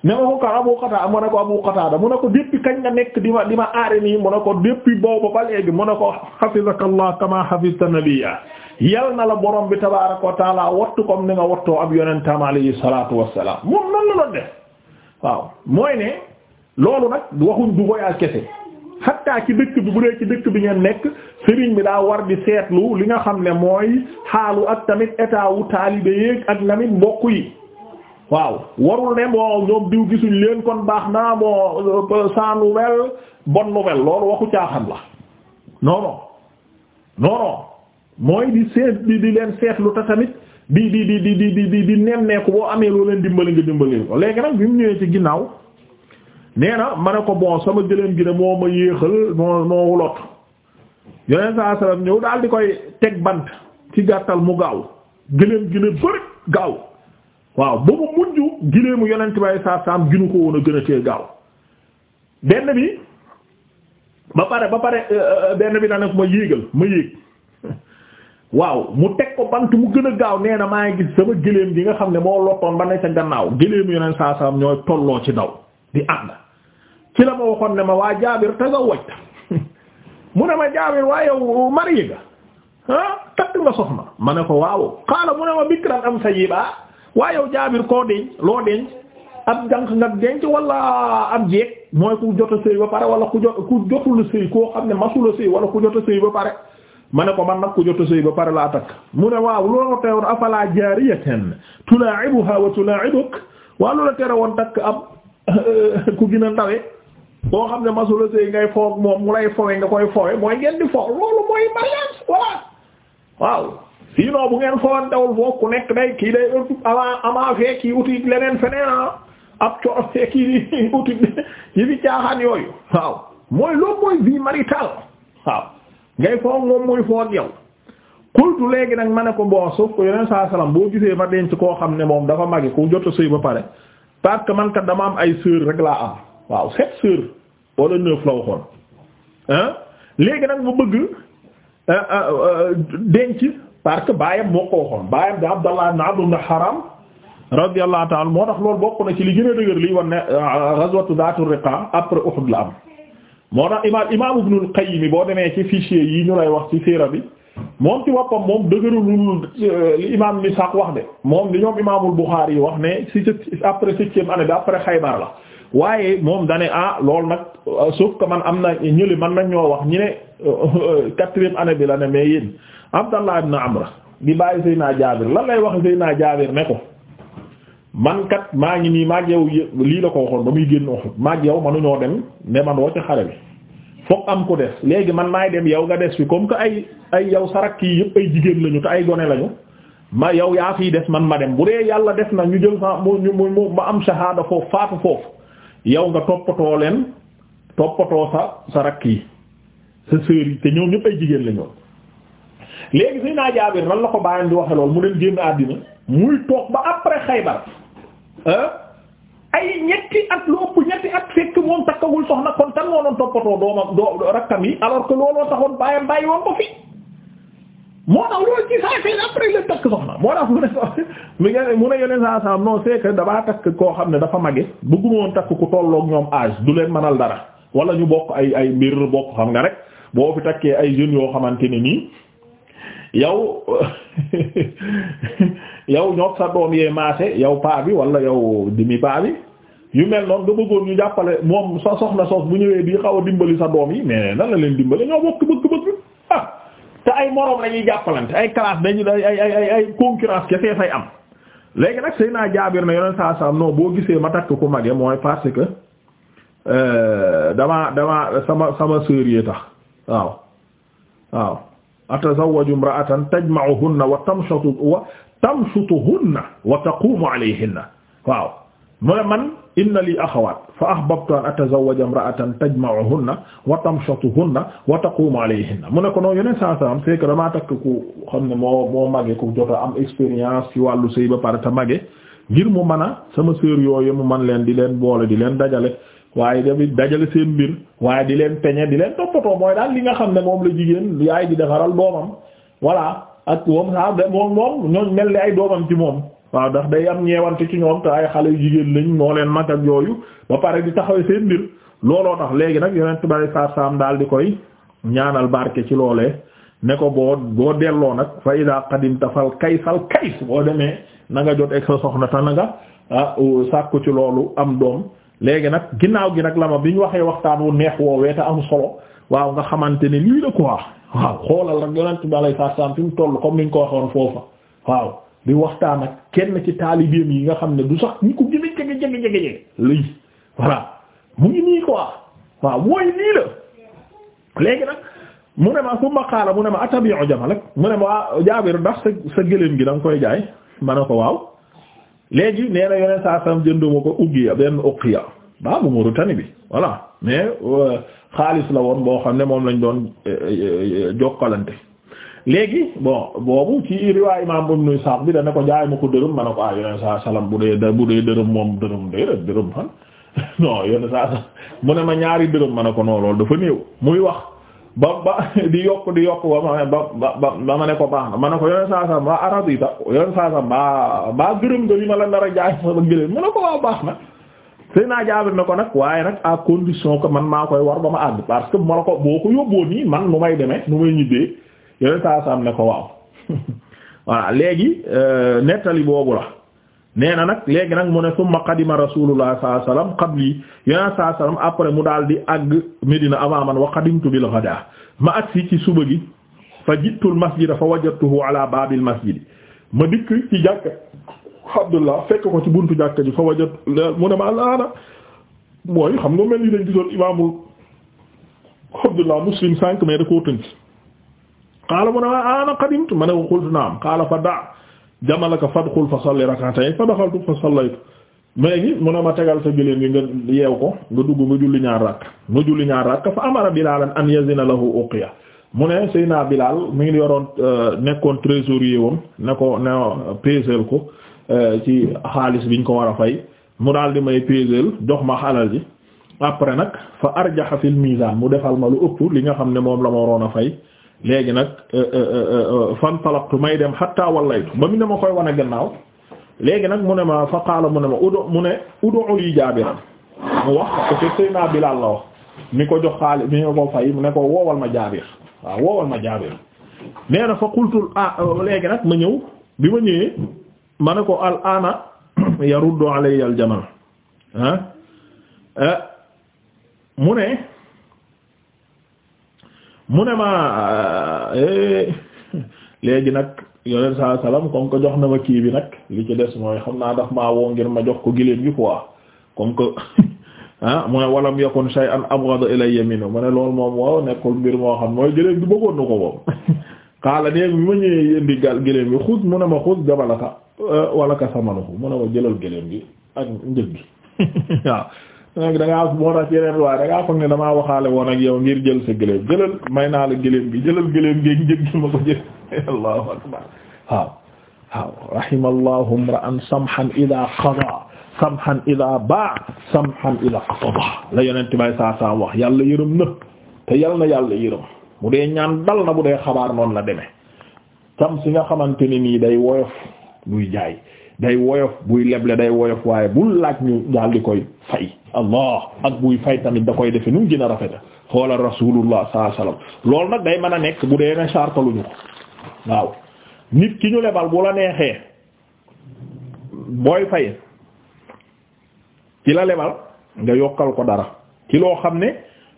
ne ma ko kan Abu Qataada mu ne ko Abu Qataada mu ne ko depuis kañ nga nekk di ma di ma aare nii mu ne ko depuis boobu ba léegi mu ne ko hafizakallah kama hafizta nabiyya yal na la borom bi tabaaraka wa taala wattu comme ni nga wattoo ab yonentam alayhi salaatu wassalaam moom nan la doon def waaw loolu nag waxuñ du voyage kese xattaa ci dëkk bi bu dee ci dëkk bi ngeen nekk sëriñ bi daa war di seetlu li nga xam ne mooy xaalu ak tamit état wu taalibe yeeg ak namit mbokk yi waaw warul ne moo ñoom diw gisuñ leen kon baax naa moo euh, sans nouvelle bonne nouvelle loolu waxu xam la non non mooy di seet di di leen seetlu te tamit di di di di di di di nemmeeku boo amee loo leen dimbali nga dimbali ko léegi nag bi mu ñëwee ci ginnaaw. nee na ma ne ko bon sama gëléem gi ne moo ma yéexal moo moo wulot yoneen saa ñëw daal di koy teg bant ci gàttal mu gaaw gëléem gi gaaw waaw ba mu mujj gëléemu yonent bi saa ko woon gën a tee gaaw bi ba ba pare euh, euh, benn bi daanaka ma yéegal ma mu teg ko bant mu gën a gaaw nee na maa ngi sama gëléem gi nga xam ne moo lottoon ba ne ca gannaaw gëléemu yoneen saa saam ñooy tolloo ci daw di ànd ci la ma waxoon ma waa jaabir tazawwajta mu ne ma jaabir waa yow marié nga ah takk nga soxna ma ne ko waaw xaala mu ne ma bikran am sayiba waa yow jaabir koo denc loo denc ab jànq nga denc wala ab jeeg mooy ku jot a sëy ba pare wala ku jot ku jotul sëy koo xam ne masula sëy wala ku jot a ba pare ma ne ko man nag ku jot a ba pare laa takk mu ne waaw loolu teewoon afala jaariyatan tere woon takk ab ku gën a boo xam ne masula sëy ngay foog moom mu lay fowe nga koy fowe mooy ngeen di foog loolu mooy mariage waaw sinon bu ngeen fowan dawul foofu ku nekk day kii day uti avant avant fee kii uti leneen feneen ah ab coono fee kii uti yi fi caaxaan yooyu waaw mooy loolu mooy vie maritale waaw ngay foog moom muy foog yow kultu léegi nag ma ne ko bon sauf ko yeneen saa salaam boo gisee ma denc koo xam ne moom dafa magi ku jot a sëy ba pare parce que man kat dama am ay sœur rek laa wala neuf la waxoon léegi nag mu bëgg euh, euh, euh, denc parce que baayam moo ko waxoon baayam di Abdallah ibn Amr ibn Haram radiyallahu ta'ala moo tax loolu bokk na ci li gën a dëgër liy wan ne ghazwatu Dhatur Riqa après Uhud la am moo tax imaam imaam Ibn al boo demee ci fichier yi ñu lay wax ci siira bi moom ci woppam moom dëgëralul li imaam Nisak wax de moom li ñoom imaamul Bukhari yi wax ne si après septième année bi après Xaybar la waaye moom dane ah loolu nag euh, sauf que man am na ñëli man nañ ñoo wax ñi ne euh, quatrième année bi la ne mais yéen Abdallah ibn Amra di bàyyi naa Jaabir lan lay wax naa Jaabir ne ko man kat maa ngi nii maag yow lii la ko waxoon ba muy génn Uhud maag yow manuñoo dem ne man woo ci xare bi fokk am ku des léegi man maay dem yow nga des fi comme que ay ay yow sarak kii yëpp ay jigéen lañu te ay gone lañu ma yow yaa fiy des man ma dem bu dee yàlla def na ñu jël sa mu ñu ma am shahada foofu faatu foofu yow nga toppatoo leen toppatoo sa sa rakk yi sa sœur yi te ñëw ñëpp ay jigéen la ñoon léegi suy naa Jaabir man la ko bàyyam di waxe loolu mu leen génn àddina muy toog ba après Xaybar ay ñetti at lu ëpp ñetti at fekk moom takkagul soxna kon kan moo toppatoo doomam doo rakkam yi alors que looloo taxoon bàyyam bàyyi woon ko moo tax loolu ci saa fee après la takk soxna moo tax mu ne mi nga mu ne yeneen saa saa non c'est que damaa takk koo xam ne dafa mage bëgguma woon takk ku tolloog ñoom âge du leen mënal dara wala ñu bokk ay ay mbir bokk xam nga rek boo fi takkee ay jeunes yoo xamante ne nii yow yow ñoo sa doom yee maase yow paa bi wala yow demi paa bi yu mel noonu nga bëggoon ñu jàppale moom sa soxna soos bu ñëwee di xaw dimbali sa doom yi mais nan la leen dimbali ñoo bokk bëgg-bëgg. te ay moroom lañuy jàppalante ay classe ay ay ay fay am léegi nag sëy naa jaabir na yoneen saa saam non boo gisee ma takk ku mage mooy parce que euh, damaa damaa sama sama sœur yi tax waaw waaw atazawwaju imra'atan wa tamshutu wa tamshutuhunna wa mu ne man inna li axawaat fa ahbabtu an atazawwaja imra'atan tajma'uhunna wa tamshatuhunna wa taqumu alayhinna mu ne ko noonu yeneen saa salaam fekk damaa takk ku xam ne moo moo màggee ku jot am expérience ci wàllu sëy ba pare te màggee ngir mu mën a sama sœur yooyu mu man leen di leen boole di leen dajale waaye dafi dajale seen mbir waaye di leen peñe di leen toppatoo mooy daal li nga xam ne moom la jigéen yaay di defaral doomam voilà ak moom saa moom moom ñooñ mel ni ay doomam ci moom waaw ndax day am ñeewante ci ñoom te ay xale yu jigéen lañ moo leen mag ak yooyu ba pare di taxawee seen mbir looloo tax léegi nag yonent bari saar saam daal di koy ñaanal barke ci loolee ne ko boo boo delloo nag fa ida qadimta fal kaysal kays boo demee na nga jot ak sa soxna te na nga ah sàkku ci loolu am doom léegi nag ginnaaw gi nag la ma bi ñu waxee waxtaan wu neex woowee te am solo waaw nga xamante ne lii la quoi waaw xoolal rek yonent bari saar saam fi mu toll comme ni ko waxoon foofa waaw di waxtaan ak kenn ci taalibeem yi nga xam ne du sax ñi ko gën a jege jege jege jege lay mu ngi nii quoi waaw mooy nii la léegi nag mu ne ma su ma xaala mu ne ma atabi'u jamalak mu ne ma waa Jaabir ndax sa sa gi da koy jaay ma ne ko waaw léegi nee na yoneen saa sam jënduma ko ugiya benn uqiya baabu Mauritanie bi voilà mais euh, xaalis la woon boo xam ne moom lañ doon euh, euh, jokkalante léegi bon boobu ci riwaay imaam Ibnu Isaaq bi dana ko jaay ma ko dërëm ma ko ah yeneen saa salaam bu dee bu dee dërëm moom dërëm déedéet dërëm mu ne ma ñaari dërëm ma ne ko non loolu dafa néew muy wax ba ba di yokk di yokk ba ma ba ba ba ma ne ko baax na ma ne ko yeneen saa salaam ba aradita yeneen saa salaam ba ba gërëm ma la nar a jaay sama gëléem ma ne ko baax na. sëy naa jaabir na ko nag waaye nag a condition que man maa koy war ba ma àgg parce que ma ne ko boo ko yóbboo nii man nu may demee nu may yooyu saasaam ne ko waaw voilà léegi euh, nettali boobu la nee na nag léegi nag mu ne summa qadima rasulullah sallallahu alayhi wasallam qabli yonent sallallahu alayhi après mu daal di àgg Medina avant man wa qadimtu bil ghada ma agsi ci suba gi fa jitul masjida fa wajadtuhu ala babil masjidi ma dikk ci jàkka Abdullah fekk ko ci buntu jàkka ji fa wajat mu ne ma alaana mooy xam nga mel ni dañ gisoon imaamul Abdullah Muslim sànq mais da koo tënk qaala mu ne ma ah, ana qadimtu ma ne ko qultu naam qaala fa da jamalaka fadxul fa salli rak'atayn fa daxaltu fa sallaytu léegi mu ne ma tegal sa gëléem gi nga yeew ko nga dugg nga julli ñaar rakk nga julli ñaar rakk fa amara bilaalan an yazina lahu uqiya mu ne Seyna Bilal mi ngi yoroon euh, nekkoon trésorier wam ne ko ne peeseel ko euh, ci xaalis biñ ko war a fay mu daal di may peeseel jox ma xalal ji après nag fa arjaxa fil mizaan mu defal ma lu ëpp li nga xam ne moom la ma waroon a fay léegi nag euh, euh, euh, fan talaqtu may dem hatta wallaytu ba mu ne ma koy wan gannaaw léegi nag mu ne ma fa qaala mu ne ma udu mu ne udu li jaabiran mu wax ko ci Seydina Bilaal la wax mi ko jox xaalis mi ko fay mu ne ko woowal ma jaabir waaw woowal ma jaabir nee na fa qultu ah léegi nag ma ñëw bi ma ñëwee ma ne ko al ana yaruddu alayya al ah, mu ne mu ne ma eh, eh, léegi nag yoneen saa salaam comme que jox na ma kii bi nag li ci des mooy xam naa daf maa woo ngir ma jox ko giléem gi quoi comme que ah mu ne walam yakun shay'an abghad ilayya minhu mu ne loolu moom waaw nekkul mbir moo xam mooy giléem gi bëggoon na ko moom xaala nee bi ma ñëwee indi gal giléem gi xus mu ne ma xus jabalaka eh, walaka samanuhu mu ne ma jëlal giléem gi ak njëg gi waaw nag da ngaa moo tax yeneen waaye da ngaa damaa waxaale woon ak yow ngir jël sa gëléem jëlal may naa la gëléem bi jëlal gëléem gi njëg gi ma ko jël allahu akbar waaw waaw rahimallahu imra'an samhan idha qada samhan idha ba samhan idha qada la yonent bay saa yàlla yërëm na te yal na yàlla yërëm mu dee ñaan dal na bu dee xabaar noonu la demee tam si nga xamante ni nii day woyof buy jaay day woyof buy leble day woyof waaye bu laaj ñu daal di koy fay allah ak buy fay tamit da koy defe nu mu gën a rafete xoola rasulullah sallallahu alayhi wasallam loolu nag day mën a nekk bu dee na sartaluñu ko waaw nit ki ñu lebal bu la neexee booy fay ci la lebal nga yokkal ko dara ki loo xam ne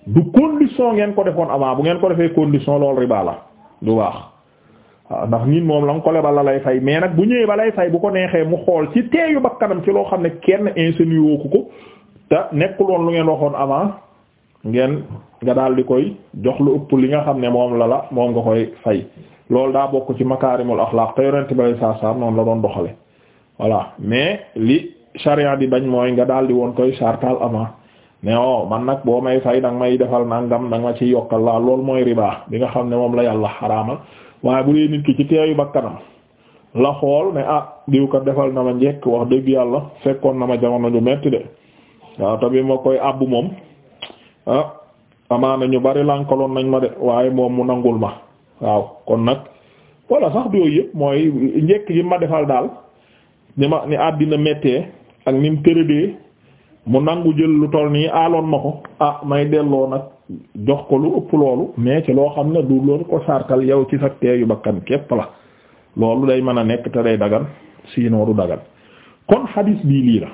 du condition ngeen ko defoon avant bu ngeen ko defee condition loolu riba la du baax waaw ndax nit moom la nga ko lebal la lay fay mais nag bu ñëwee balay lay fay bu ko neexee mu xool ci teeyu bakkanam ci loo xam ne kenn insinué woo ko ko te nekkul woon lu ngeen waxoon avant ngeen nga daal di koy jox lu ëpp li nga xam ne moom la la moom nga koy fay loolu daa bokk ci makaarimul axlaaq te yonent bi sallallahu alayhi wasallam noonu la doon doxale voilà mais li charia di bañ mooy nga daal di woon koy sartal avant mais o oh man nag boo may fay dang may defal nangam danga ma ci yokkal la loolu mooy riba bi nga xam ne moom la yàlla xaraamal waaye bu dee nit ki ci teeyu bakkanam la xool ne ah diw kat defal na ma njekk wax dëgg yàlla fekkoon na ma jamono ñu metti de waaw te bi ma koy àbbu moom ah amaana ñu bari lankaloon nañ ma de waaye moom mu nangul ma waaw kon nag walla sax du yooyu mooy njekk yi ma defal daal ni ma ni àddina mettee ak ni mu mu nangu jël lu toll nii aaloon ma ko ah may delloo nag jox ko lu ëpp loolu mais ci loo xam ne du loolu ko sartal yow ci sa yu bakkan képp la loolu day mën a nekk te day dagan sinon du dagan kon xadis bii lii la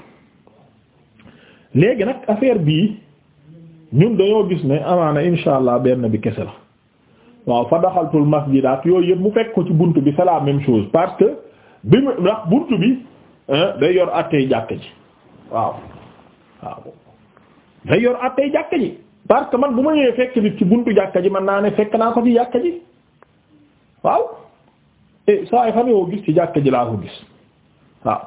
léegi nag affaire bii ñun dañoo gis ne amaana insha allah benn bi kese la waaw fa daxaltul masjidaat yooyu yëpp mu fekk ko ci bunt bi c'est la même parce que bi mu ndax bunt bi day yor àttee jàkk ji waaw waaw day yor àttee jàkk ji parce que man bu ma ñëwee fekk nit ci buntu jàkka ji man naa ne fekk naa ko ci jàkka ji ji laa ko gis waaw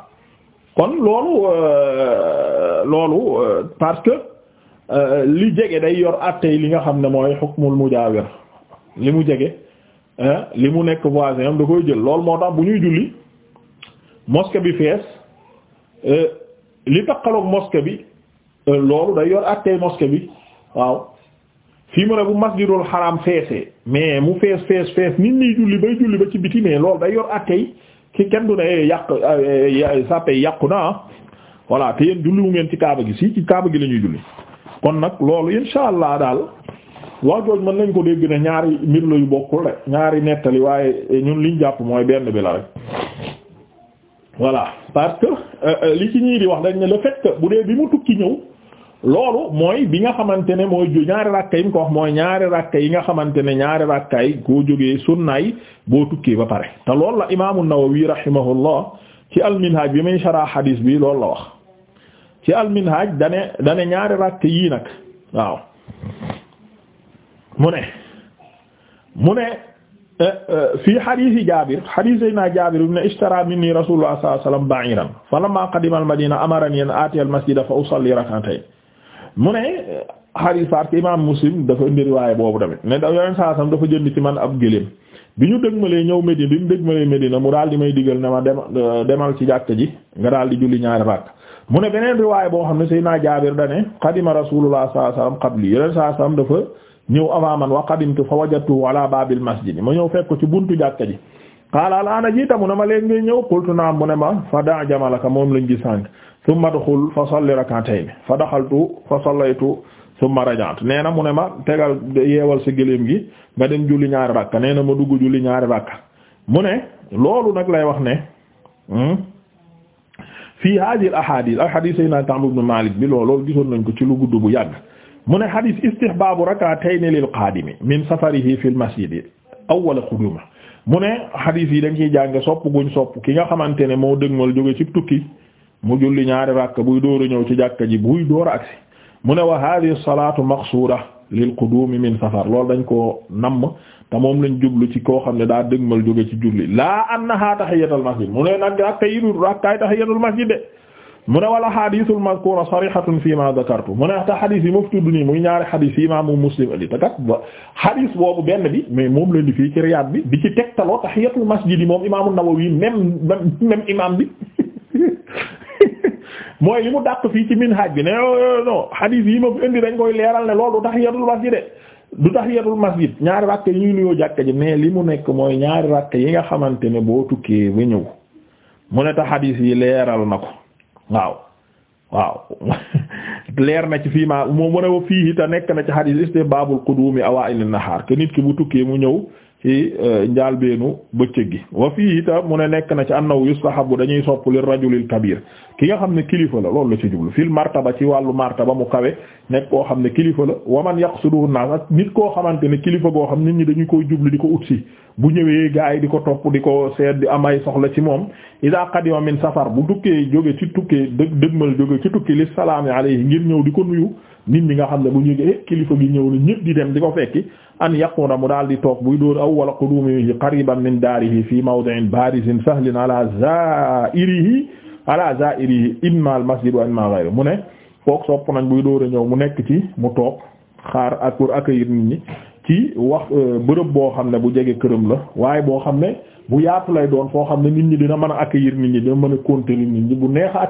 kon loolu euh, loolu euh, parce que euh, li jege day yor àttey li nga xam ne mooy xukmul mujaawir li mu jege li mu nekk voisin am da koy jël lool moo tax bu ñuy julli mosquée bi fees li takkaloog mosquée bi loolu day yor àttey mosquée bi waaw fii mu ne bu masjidul xaram feesee mais mu fees fees fees nit ñi julli bay julli ba ci biti mais day yor attey ki kenn du ne eh, yàq eh, sàppe yàqu na ah voilà te yéen julliwu ngeen ci kaaba gi si ci kaaba gi la julli kon nag loolu insha allah daal wax jooj mën nañ ko dégg ne ñaari mbir la yu bokkul rek ñaari nettali waaye ñun liñ jàpp mooy benn bi la rek voilà parce que euh, euh, li ci ñii di wax dañ ne le bu dee bi mu tukki ñëw loolu mooy bi nga xamante ne mooy ñaari rakka yi mu ko wax mooy ñaari rakka yi nga xamante ne ñaari rakka yi koo jógee sunnaay boo tukkee ba pare te loolu la imaamu Nawawi rahimahullah ci alminhaj bi muy sharah hadis bi loolu la wax ci alminhaj dane dane ñaari rakka yii nag waaw mu ne mu ne eh, eh, fii hadisi Jaabir hadisi naa Jaabir ibn ishtara minni rasulullah sallallahu alayhi wasallam ba'iran falamma qadima al-madina amarani an atiya al-masjida fa usalli rak'atayn mu ne xaris parce imam muslim dafa indi riwaaye boobu tamit ne da yoneen saasam dafa jënd ci man ab gëléem bi ñu dëgmalee ñëw Medina bi mu dëgmalee Medina mu daal di may digal ne ma demal ci jàkk ji nga daal di julli ñaari rakk mu ne beneen riwaaye boo xam ne Seydina Jaabir dane qadima rasulullah sallallahu alayhi wasallam qabli yoneen saasam dafa ñëw avant man wa qadimtu fa wajadtuhu ala babil masjid ma ñëw fekk ko ci buntu jàkk ji qaala alaana jiita mu ne ma léegi ngay ñëw qultu naam mu ne ma fa daa jamalaka moom lañ gis sànq thumma duxul fa salli rak'atayn fa daxaltu fa sallaytu thumma raja'tu nee na mu ne ma tegal yeewal sa gëléem gi nga dem julli ñaari rakka nee na ma dugg julli ñaari rakka mu ne loolu nag lay wax ne hmm, fii hadhihi al ahadith ak hadith sayna Ka'b ibn Malik bi loolu gisoon nañ ko ci lu gudd bu yàgg mu ne hadith istihbaabu rak'atayn lil qaadimi min safarihi fil mu ne xadiis yi dañ ciy jànge sopp guñ sopp ki nga xamante ne moo dëgmal jóge ci tukki mu julli ñaari ràkk buy dóora ñëw ci jàkka ji buy dóor a agsi mu ne wa hadhihi salatu maqsuda lil qudumi min safar loolu dañ koo namm te moom lañ jublu ci koo xam ne daa dëgmal jóge ci julli laa annaha tahiyatul masjid mu ne nag ràkka yi du ràkkaay tahiyatul masjid de mu ne wala xadiisul mazkuura sarihatun fii ma dakartu mu ne te xadis yi ma fi tudd nii muy ñaari xadis yi imaamu muslim ali te kat xadis boobu benn bi mais moom leen di fii ci Riyaad bi di ci tegtaloo tahiyatul masjid yi moom imaamu Nawawi même même imaam bi mooy li mu dàq fii ci minhaj bi ne oh, oh, non xadis yi ma fi indi dañ koy leeral ne loolu du tahiyatul masjid du tahiyatul masjid ñaari rakk yi ñuy nuyoo jàkka ji mais li mu nekk mooy ñaari rakk yi nga xamante ne boo tukkee ba ñëw mu ne te xadis yi leeral na ko. waaw waaw leer na ci fii ma moom mën a wa fii te nekk na ci hadis istihbaabul mi awaa'ilin naxaar ke nit ki mu tukkee mu ñëw ci eh, njaalbeenu bëccëg gi wa fii i ta mu ne nekk na ci annahu yustahabu dañuy sopp li rajulil kabir ki nga xam ne kilifa la loolu la ci jublu fil ba ci wàllu ba mu kawe nekk koo xam ne kilifa la waman yaqsuduhu naas ak nit koo xamante ne kilifa goo xam nit ñi dañu koy jublu di ko utsi bu ñëwee gaa yi di ko topp di ko seet di am ay soxla ci moom ida qadima min safar bu tukkee jóge ci tukkee dëg dëgmal jóge ci tukki li salaami alayhi ngir ñëw di ko nuyu nit ñi nga xam ne bu ñëwee kilifa gi ñëw na ñëpp di dem di ko fekki an yaquna mu daal di toog buy dóor awwala qudumi qariban min daarihi fi mawdi'in barizin sahlin ala zairihi ala zairihi imma al masjid wa imma ghayru mu ne foog sopp nañ buy dóor a ñëw mu nekk ci mu toog xaar ak pour accueillir nit ñi ci wax euh, bërëb boo xam ne bu jege këram la waaye boo xam ne bu yaatu lay doon foo xam ne nit ñi dina mën a accueillir nit ñi dina mën a contenir nit ñi bu neex a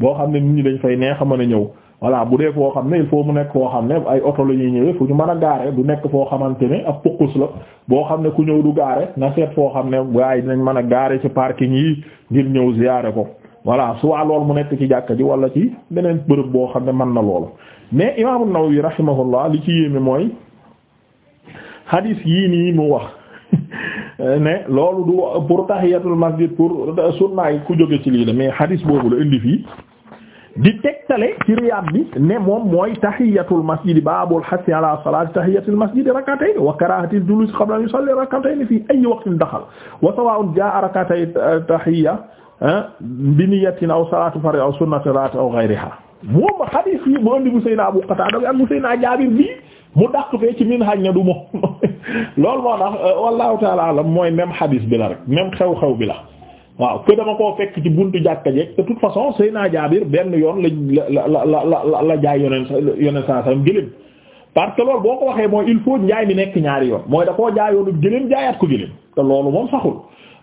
boo xam ne nit ñi dañ fay neex a mën a ñëw voilà bu dee foo xam ne il faut mu nekk foo xam ne ay oto la ñuy ñëwee ñu mën a gaare du nekk foo xamante ne ab pukkus la boo xam ne ku ñëw du gaare na seet foo xam ne waaye yi man mën a gaare ci parking yi ngir ñëw ziyaare ko voilà soit lool mu nekk ci jàkka ji wala ci beneen bërëb boo xam ne man na loolu mais imaamu Nawawi rahimahullah li ci hadis yii nii mu wax ne loolu du pour tahiyatul masjid pour sunnaay ku jóge ci lii la mais hadis boobu la indi fii di tegtale ci riyaad bi ne moom mooy tahiyatul masjid baabul hassi ala salaat tahiyatul masjid rak'atayn wa karaahatil juluus qabla an yusalli rak'atayn fii ayyi waqtin daxal wa sawaa'un jaa'a rak'atay tahiyya ah, bi niyyatin aw salaatu fard aw sunnati raat aw ghayrihaa moom hadis yi bu indi bu Seydina Abu Qataada bi ak bu Seydina Jaabir bi mu dàq fee ci min xaj na du moom loolu moo tax euh, wallahu taala la mooy même hadis bi la rek même xew-xew bi la waaw a dama koo fekk ci buntu jàkka jeeg de toute façon Seydina Jaabir benn yoon la la la la la jaay yoneen yoneen saa sam gëléem parce que loolu boo ko waxee mooy il faut njaay mi nekk ñaari yoon mooy da koo jaayoonu gëléem jaayaat ko gëléem te loolu moom saxul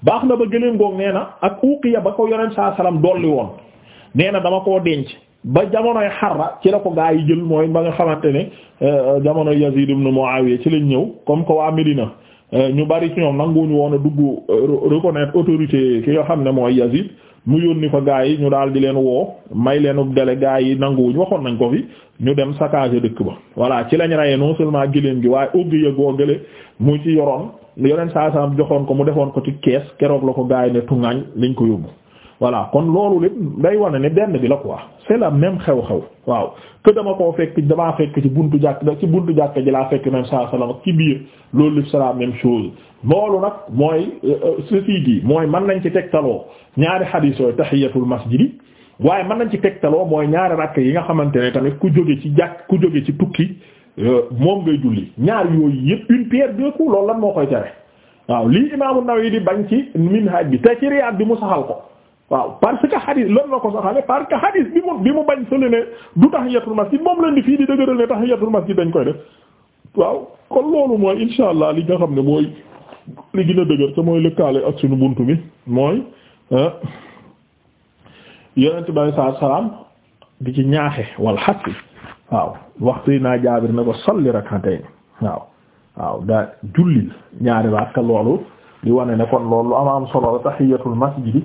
baax na ba gëléem goog nee na ak ya ba ko yoneen saa salam dolli woon nee na dama koo denc ba jamonoy xara ci la ko gaa yi jël mooy ba nga xamante ne euh, jamonoy Yazid ibn awee ci lañ ñëw comme que waa Médina euh, ñu bari ci ñoom ñu woon a dugg euh, reconnaître autorité ki yoo xam ne mooy Yazid mu yónni fa gaa yi ñu daal di leen woo may leen dele gaa yi nangu ñu waxoon nañ ko fi ñu dem saccager dëkk ba voilà ci lañ rayee non seulement giléem gi waaye ógg ya googale mu ci yoroon yeneen saa saa joxoon ko mu defoon ko ci kees keroog la ko gaa yi ne tuŋaañ liñ ko yóbbu voilà kon loolu lépp day wane ne benn bi la quoi c'est la même xew-xew waaw que dama ko fekk damaa fekk ci buntu jàkk ci buntu jàkk ji laa fekk même saa salaam ak ci biir loolu lépp c'est la même chose loolu nag mooy euh, ceci dit mooy man nañ ci tegtaloo ñaari xadiis yooyu tahiyatul masjidi waaye man nañ ci tegtaloo mooy ñaari rakk yi nga xamante ne tamit ku jóge ci jàkk ku jóge ci tukki euh, moom ngay julli ñaar yooyu yëpp une pierre deux coups loolu lan moo koy tere waaw lii imaamu Nawawi di ci minhaj bi te bi mu saxal ko waaw parce que xadis lan la ko saxale mu bi mu bañ sële ne du tahiyatul masjid moom lañ di fii di dëgëral ne tahiyatul masjid dañ koy def waaw kon loolu mooy insha allah li nga xam ne mooy li gën dëgër te mooy lëkkaale ak suñu bunt bi mooy ah, yonent bi saa salaam di ci ñaaxe wal xatti waaw waxtu yi naa jaabir ne ko salli rak'atayn waaw waaw daa jullil ñaari raaka loolu di wane ne kon loolu am am solo tahiyatul masjid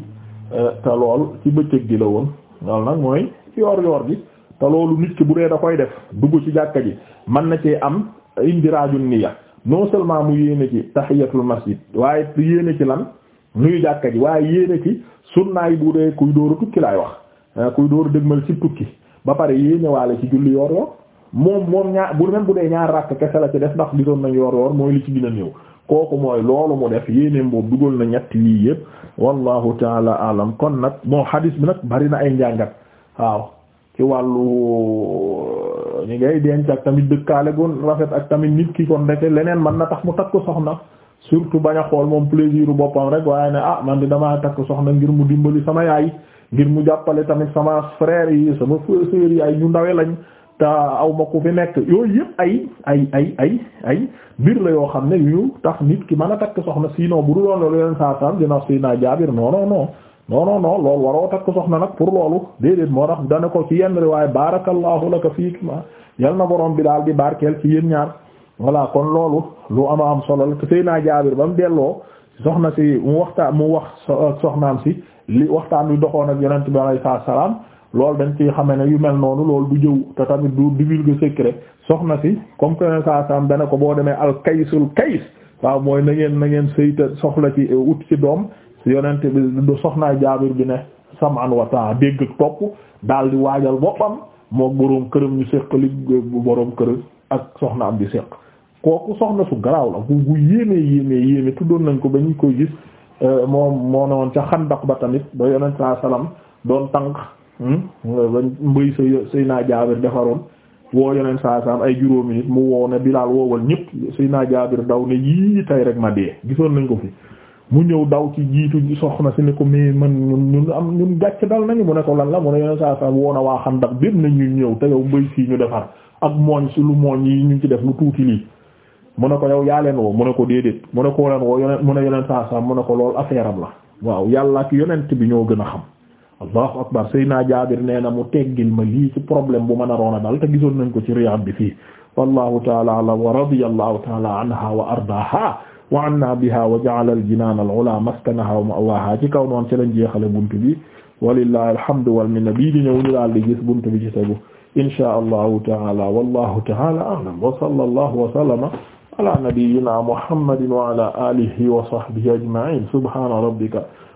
Euh, te lool ci bëccëg gi la woon loolu nag mooy yoor yoor gi te loolu nit ki bu dee da koy def dugg ci jàkka ji mën na cee am indiraajun niyya non seulement mu yéene ci tahiyatul masjid waaye yéene ci lan nuyu jàkka ji waaye yéene ci sunnaay bu dee kuy dóoru tukki laay wax euh, kuy dóoru dëgmal ci tukki ba pare yéene waale ci julli yoor yoor moom moom ñaar bu même bu dee ñaar rakk kese la ci def ndax gisoon nañ yoor yoor mooy li ci gën a néew kooku mooy loolu mu def yéenéem boobu dugal na ñett lii yëpp wallahu taala alam kon nag bon hadis bi nag bari na ay njàngat waaw ci wàllu euh, ñu ngay denc ak tamit dëkkaale gu rafet ak tamit nit ki kon ndeke leneen man na tax mu takk soxna surtout bañ a xool moom plaisir boppam rek waaye ne ah man di damaa takk soxna ngir mu dimbali sama yaay ngir mu jàppale tamit sama frère yi sama sœur yi ay ñu ndawe lañ te aw ma ku fi nekk yooyu yëpp ay ay ay ay ay mbir la yoo xam ne yu tax nit ki man a takk soxna sinon bu dul woon loolu yeneen saa saam dina Seydina Jaabir non non non waroo takk soxna nag pour loolu déedéet moo tax dana ko ci yenn riwaay barakallahu laka fiikuma yal na borom bi daal di barkeel ci yéen ñaar voilà kon loolu lu ama am solo la Seydina Jaabir ba mu delloo soxna si mu waxtaan mu wax soxnaam si li waxtaan wi doxoon ak yonent bi loolu dañ ci xame ne yu mel noonu loolu du jëw te tamit du divulguer secret soxna si comme que saa saam dana ko boo demee al kaysul kays waaw mooy na ngeen na ngeen sayta soxla ci ut ci doom si yonent bi du soxnaa jaabir bi ne sam'an wa ta'a dégg ak topp daal di waajal boppam mook boroom këram ñu séq bu boroom kër ak soxna am di séq kooku soxna su garaaw la gu bu yéeme yéeme yéeme tuddoon nañ ko ba ñu koy gis euh, moom moo ne woon ca xandaq ba tamit doon tànk Hmm? mbay say say naa Jaabir defaroon woo yoneen saa saam ay juróomi nit mu woo ne Bilaal woowal ñëpp say naa Jaabir daw ne yii tay rek ma dee gisoon nañ ko fi mu ñëw daw ci jiitu soxna si ni ko mais man ñun ñun am ñun gàcc dal nañu mu ne ko lan la mu ne yoneen saa saam woo na waa xam ndax biir nañ ñu ñëw te yow mbay sii ñu defar ak mooñ si lu mooñ yi ñu ci def lu tuuti lii mu ne ko yow yaa leen woo mu ne ko déedéet mu ne koo leen woo yoneen mu ne yoneen saa saam ko loolu affaire am la waaw yàlla ak yonent bi ñoo a allahu akbar Seydina Jaabir nee na mu teggil ma lii ci problème bu ma naroon a dal te gisoon nañ ko ci Riyaad bi fii wallahu taala alam wa radiya allahu taala anha wa ardaha wa anna biha wa ja'ala al-jinaan al-'ulaa maskanaha wa ma'waaha ci kaw noonu ci lañ jeexale buntu bi walillahi alhamdu wal minna bii di ñëw ñu daal di gis buntu bi ci tegu inshaa allahu taala wallahu taala a'lam wa sallallahu wa sallama ala nabiyyina muhammadin wa ala alihi wa sahbihi ajma'in subhaana rabbika